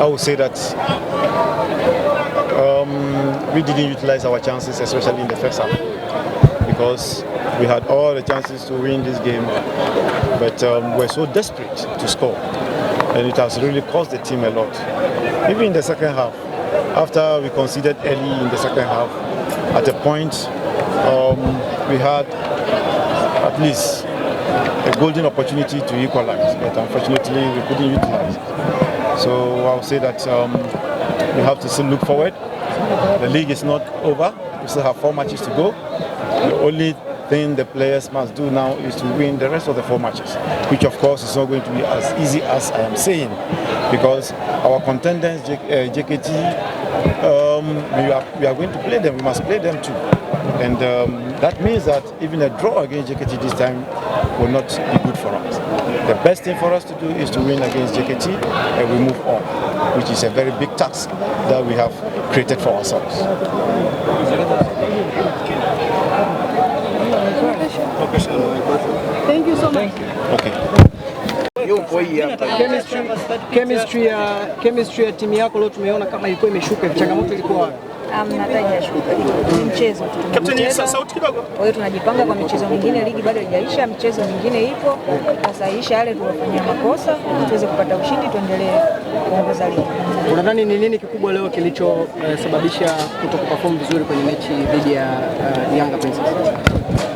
I would say that um, we didn't utilize our chances, especially in the first half, because we had all the chances to win this game, but um, we're so desperate to score, and it has really cost the team a lot. Even in the second half, after we conceded early in the second half, at a point um, we had at least a golden opportunity to equalize, but unfortunately we couldn't utilize. So i would say that um, we have to still look forward. The league is not over. We still have four matches to go. The only thing the players must do now is to win the rest of the four matches, which of course is not going to be as easy as I am saying because our contenders, JKT, uh, um, we, are, we are going to play them. We must play them too. And um, that means that even a draw against JKT this time will not be good for us. The best thing for us to do is to win against JKT and we move on, which is a very big task that we have created for ourselves. Thank you so much. Okay. yupo hii hapa. Chemistry, chemistry ya chemistry ya timu yako leo tumeona kama ilikuwa imeshuka, changamoto ilikuwa wapi? Amna mchezo tu. Captain, sauti kidogo. Kwa hiyo tunajipanga kwa michezo mingine, ligi bado haijaisha, michezo mingine ipo, tusahihisha yale tuliyofanyia makosa, tuweze kupata ushindi, tuendelee kuongoza ligi. Unadhani ni nini kikubwa leo kilichosababisha eh, uh, kuto kuperform vizuri kwenye mechi dhidi ya uh, Yanga Princess?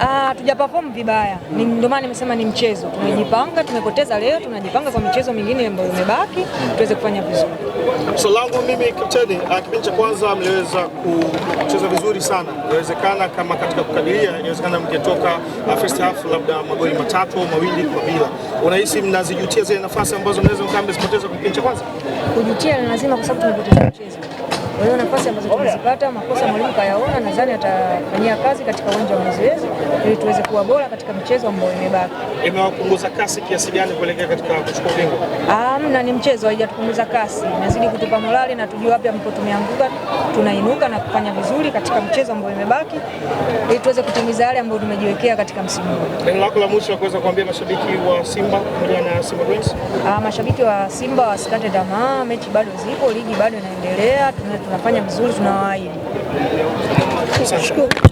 Ah, tuja perform vibaya. Ni ndio maana nimesema ni mchezo. Tumejipanga, tumepoteza leo, tunajipanga kwa michezo mingine ambayo imebaki, tuweze kufanya vizuri. Mimi mimi, Captain, ah, kipindi cha kwanza mliweza kucheza vizuri sana. Inawezekana kama katika kukadiria, inawezekana mngetoka uh, first half labda magoli matatu au mawili kwa bila. Unahisi mnazijutia zile nafasi ambazo mnaweza mkaambe zipoteza kwa kipindi cha kwanza? Kujutia ni lazima kwa sababu tumepoteza mchezo. Kwa hiyo nafasi ambazo tumezipata, makosa mwalimu kayaona, nadhani atafanyia kazi katika uwanja wa mazoezi ili tuweze kuwa bora katika mchezo ambao imebaki. Imewapunguza kasi kiasi gani kuelekea katika kuchukua ubingwa? Ah, na ni mchezo haijatupunguza kasi, inazidi kutupa morali na tujue wapi ambapo tumeanguka, tunainua kuibuka na kufanya vizuri katika mchezo ambao imebaki ili tuweze kutimiza yale ambayo tumejiwekea katika msimu huu. Neno lako la mwisho kuweza kuambia mashabiki wa Simba pamoja na Simba Queens? Ah, mashabiki wa Simba wasikate tamaa, mechi bado zipo, ligi bado inaendelea, tunafanya vizuri, tunawaahidi. Asante.